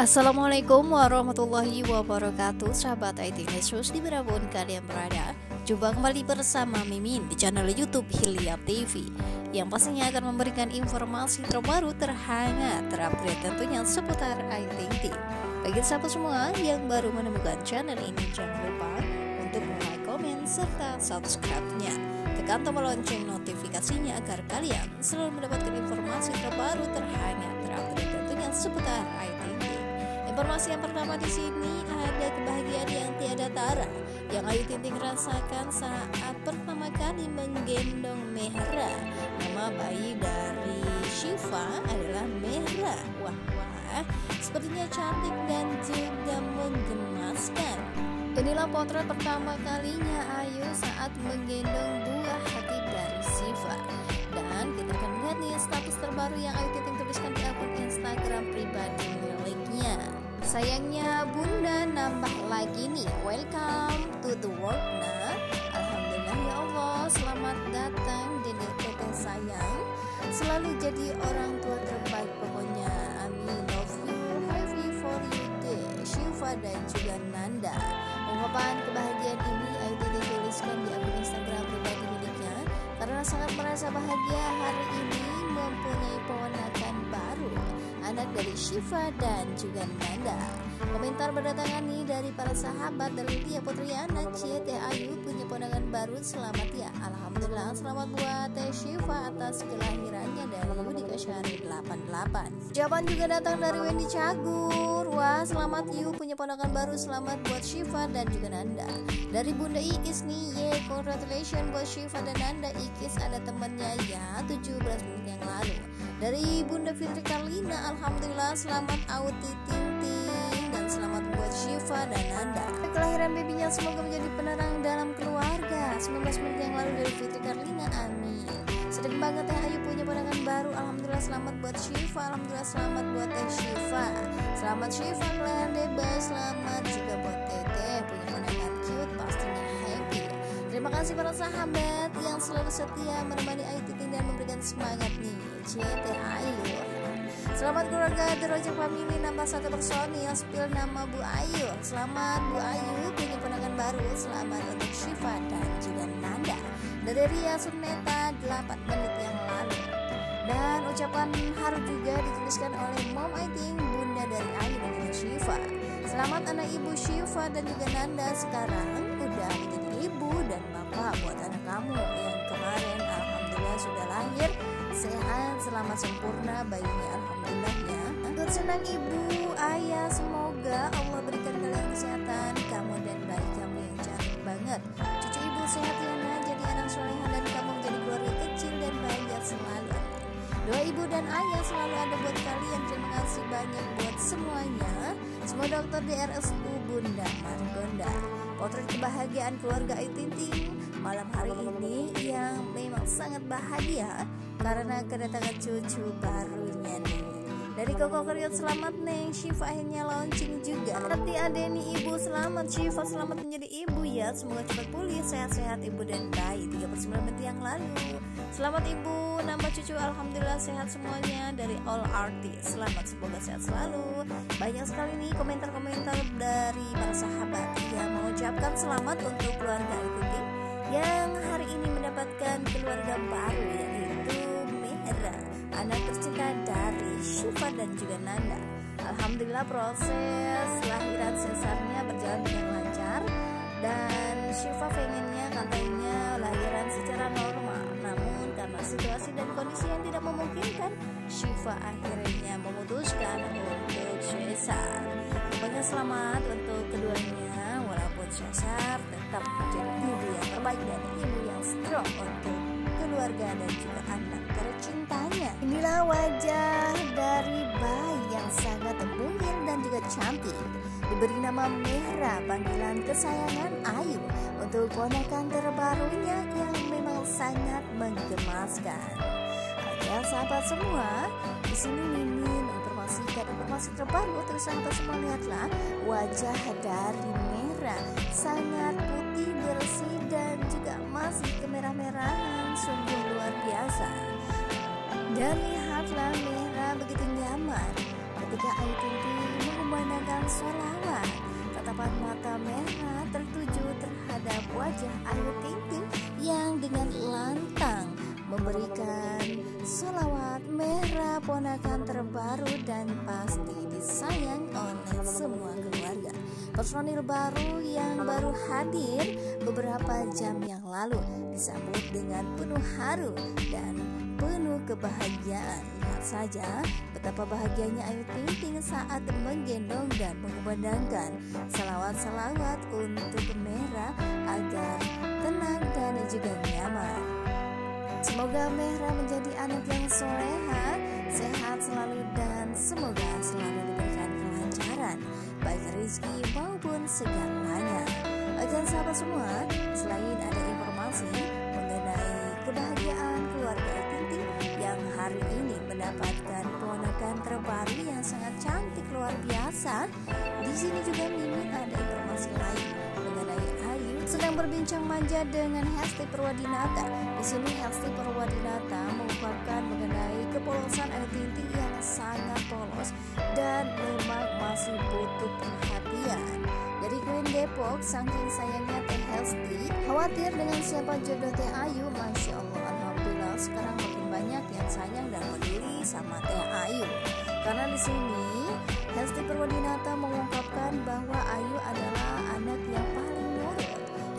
Assalamualaikum warahmatullahi wabarakatuh Sahabat IT di pun kalian berada Jumpa kembali bersama Mimin di channel Youtube Hiliap TV Yang pastinya akan memberikan informasi terbaru terhangat Terupdate tentunya seputar IT Bagi sahabat semua yang baru menemukan channel ini Jangan lupa untuk like, komen, serta subscribe-nya Tekan tombol lonceng notifikasinya agar kalian selalu mendapatkan informasi terbaru terhangat Terupdate tentunya seputar IT Informasi yang pertama di sini ada kebahagiaan yang tiada tara yang Ayu Tinting rasakan saat pertama kali menggendong Mehra. Nama bayi dari Shiva adalah Mehra. Wah wah, sepertinya cantik dan juga menggemaskan. Inilah potret pertama kalinya Ayu saat menggendong buah Sayangnya bunda nambah lagi nih Welcome to the world nah Alhamdulillah ya Allah Selamat datang di teteh sayang Selalu jadi orang tua terbaik pokoknya Amin Love you, happy for you day Shiva dan juga Nanda Ungkapan kebahagiaan ini Ayo dituliskan tuliskan di akun Instagram pribadi miliknya Karena sangat merasa bahagia hari ini Mempunyai pewarna anak dari Shiva dan juga Nanda. Komentar berdatangan nih dari para sahabat dari Tia Putri Anak Cie Ayu punya pandangan baru selamat ya Alhamdulillah selamat buat Teh Shiva atas kelahirannya dari Yudi Syari 88 Jawaban juga datang dari Wendy Cagur Wah selamat Yu punya pondakan baru selamat buat Shiva dan juga Nanda Dari Bunda Ikis nih ye congratulations buat Shiva dan Nanda Ikis ada temannya ya 17 menit yang lalu dari Bunda Fitri Karlina, Alhamdulillah selamat Auti Tinting dan selamat buat Syifa dan Nanda. Kelahiran babynya semoga menjadi penerang dalam keluarga. 19 menit yang lalu dari Fitri Karlina, amin. Sedang banget ya Ayu punya pandangan baru. Alhamdulillah selamat buat Syifa, Alhamdulillah selamat buat Teh Syifa. Selamat Syifa, kalian bebas, selamat juga buat Teteh punya pandangan cute pastinya. Terima kasih para sahabat yang selalu setia menemani Ayu Titin dan memberikan semangat nih CT Ayu Selamat keluarga The Rojak Family nambah satu personil spill nama Bu Ayu Selamat Bu Ayu punya penangan baru Selamat untuk Syifa dan juga Nanda Dari Ria Suneta 8 menit yang lalu Dan ucapan haru juga dituliskan oleh Mom Aiting Bunda dari Ayu dan Syifa Selamat anak ibu Syifa dan juga Nanda sekarang udah Selamat selama sempurna bayinya alhamdulillah ya menurut senang ibu ayah semoga Allah berikan kalian kesehatan kamu dan bayi kamu yang cantik banget cucu ibu sehat ya nah. jadi anak soleha dan kamu menjadi keluarga kecil dan bahagia selalu doa ibu dan ayah selalu ada buat kalian terima kasih banyak buat semuanya semua dokter di RSU Bunda Margonda potret kebahagiaan keluarga Ayu Ting malam hari ini yang memang sangat bahagia karena kedatangan cucu barunya nih dari Koko Kriot selamat Neng Shiva akhirnya launching juga Nanti Adeni Ibu selamat Shiva selamat menjadi ibu ya Semoga cepat pulih sehat-sehat ibu dan bayi 39 menit yang lalu Selamat ibu nambah cucu Alhamdulillah sehat semuanya dari all artis Selamat semoga sehat selalu Banyak sekali nih komentar-komentar dari para sahabat Yang mengucapkan selamat untuk keluarga Ibu Tim yang hari ini mendapatkan keluarga baru yaitu Mehra, anak tercinta dari Syifa dan juga Nanda. Alhamdulillah proses lahiran sesarnya berjalan dengan lancar dan Syifa pengennya katanya lahiran secara normal namun karena situasi dan kondisi yang tidak memungkinkan Syifa akhirnya memutuskan untuk sesar. Semoga selamat untuk keduanya. Syasar tetap menjadi ibu yang terbaik dan ibu yang strong untuk keluarga dan juga anak tercintanya. Inilah wajah dari bayi yang sangat mungil dan juga cantik. Diberi nama Merah, panggilan kesayangan Ayu untuk ponakan terbarunya yang memang sangat menggemaskan. Ya sahabat semua, di sini Mimin informasikan informasi terbaru untuk sahabat semua lihatlah wajah dari Mehra sangat putih bersih dan juga masih kemerah-merahan sungguh luar biasa dan lihatlah merah begitu nyaman ketika air tinggi mengumandangkan sholawat. tatapan mata merah tertuju terhadap wajah air tinggi yang dengan lantang memberikan sholawat merah ponakan terbaru dan pasti disayang oleh semua personil baru yang baru hadir beberapa jam yang lalu disambut dengan penuh haru dan penuh kebahagiaan. Lihat saja betapa bahagianya Ayu Ting Ting saat menggendong dan mengumandangkan selawat-selawat untuk Merah agar tenang dan juga nyaman. Semoga Merah menjadi anak yang soleha, sehat selalu dan semoga selalu diberikan kelancaran baik rezeki maupun segalanya. Akan sahabat semua, selain ada informasi mengenai kebahagiaan keluarga Tinting yang hari ini mendapatkan ponakan terbaru yang sangat cantik luar biasa, di sini juga Mimin ada informasi lain mengenai Ayu sedang berbincang manja dengan Hesti Perwadinata. Di sini Hesti Perwadinata mengungkapkan mengenai kepolosan Ayu Tinting yang sangat polos dan masih butuh perhatian. Dari Green Depok, saking sayangnya Teh Helsti, khawatir dengan siapa jodoh Teh Ayu, Masya Allah, Alhamdulillah, sekarang makin banyak yang sayang dan peduli sama Teh Ayu. Karena di sini, Helsti Perwadinata mengungkapkan bahwa Ayu adalah anak yang paling nurut.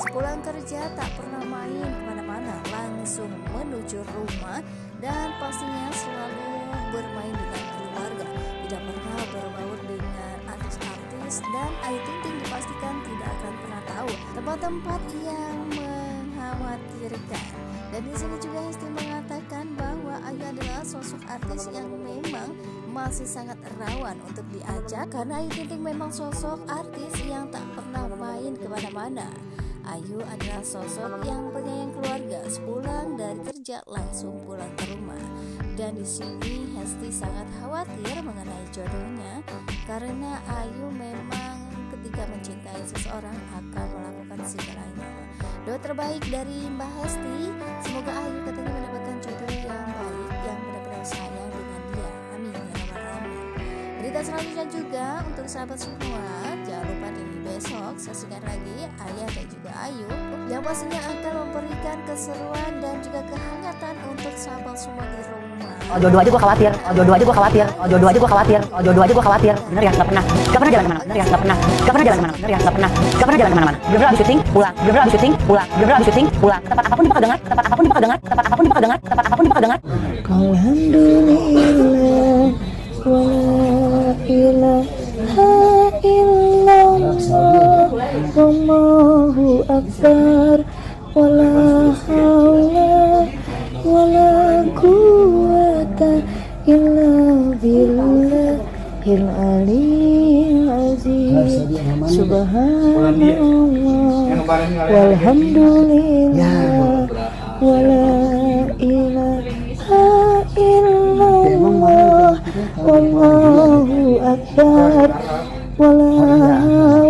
Sepulang kerja tak pernah main kemana-mana, langsung menuju rumah dan pastinya selalu bermain dengan keluarga, tidak pernah bermain dan Ayu Ting Ting dipastikan tidak akan pernah tahu tempat-tempat yang mengkhawatirkan. Dan di sini juga Hesti mengatakan bahwa Ayu adalah sosok artis yang memang masih sangat rawan untuk diajak karena Ayu Ting Ting memang sosok artis yang tak pernah main kemana-mana. Ayu adalah sosok yang penyayang keluarga, sepulang dari kerja langsung pulang ke rumah. Dan di sini Hesti sangat khawatir mengenai jodohnya karena Ayu memang ketika mencintai seseorang akan melakukan segalanya doa terbaik dari Mbak Hesti semoga Ayu katanya mendapatkan jodoh yang baik yang benar-benar sayang dengan dia amin ya rabbal alamin berita selanjutnya juga untuk sahabat semua jangan lupa di besok saksikan lagi ayah dan yang pastinya akan memberikan keseruan dan juga kehangatan untuk sahabat semua di rumah. Oh, dua-dua aja gue khawatir, oh, dua-dua aja gue khawatir, oh, dua-dua aja gue khawatir, oh, dua-dua aja gue khawatir. Bener ya, nggak pernah, Nggak pernah jalan kemana, bener ya, nggak pernah, Nggak pernah jalan kemana, bener ya, nggak pernah, Nggak pernah jalan kemana-mana. Bener ya? ya? ya? abis syuting, pulang, bener abis syuting, pulang, bener abis syuting, pulang. Tempat apapun dipakai dengar, tempat apapun dipakai dengar, tempat apapun dipakai dengar, tempat apapun dipakai Pakadangan. Alhamdulillah. akbar wala haula wala quwata illa billahil aliyil aziz, subhanallah walhamdulillah wala ilaha illallah wallahu akbar wala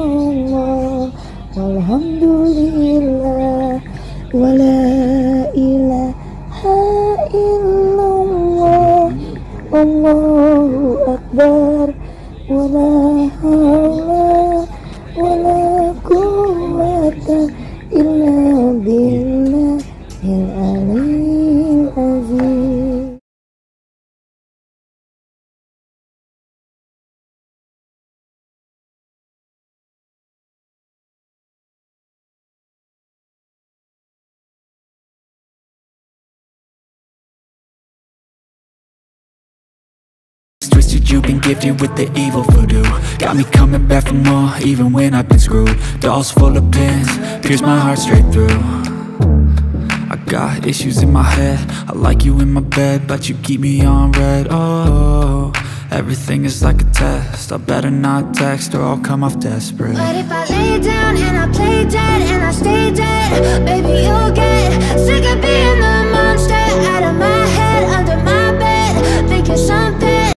الحمد لله ولا إله إلا الله الله أكبر ولا حول you've been gifted with the evil voodoo Got me coming back for more, even when I've been screwed Dolls full of pins, pierce my heart straight through I got issues in my head, I like you in my bed But you keep me on red. oh Everything is like a test, I better not text Or I'll come off desperate But if I lay down and I play dead and I stay dead Baby, you'll get sick of being the monster Out of my head, under my bed, thinking something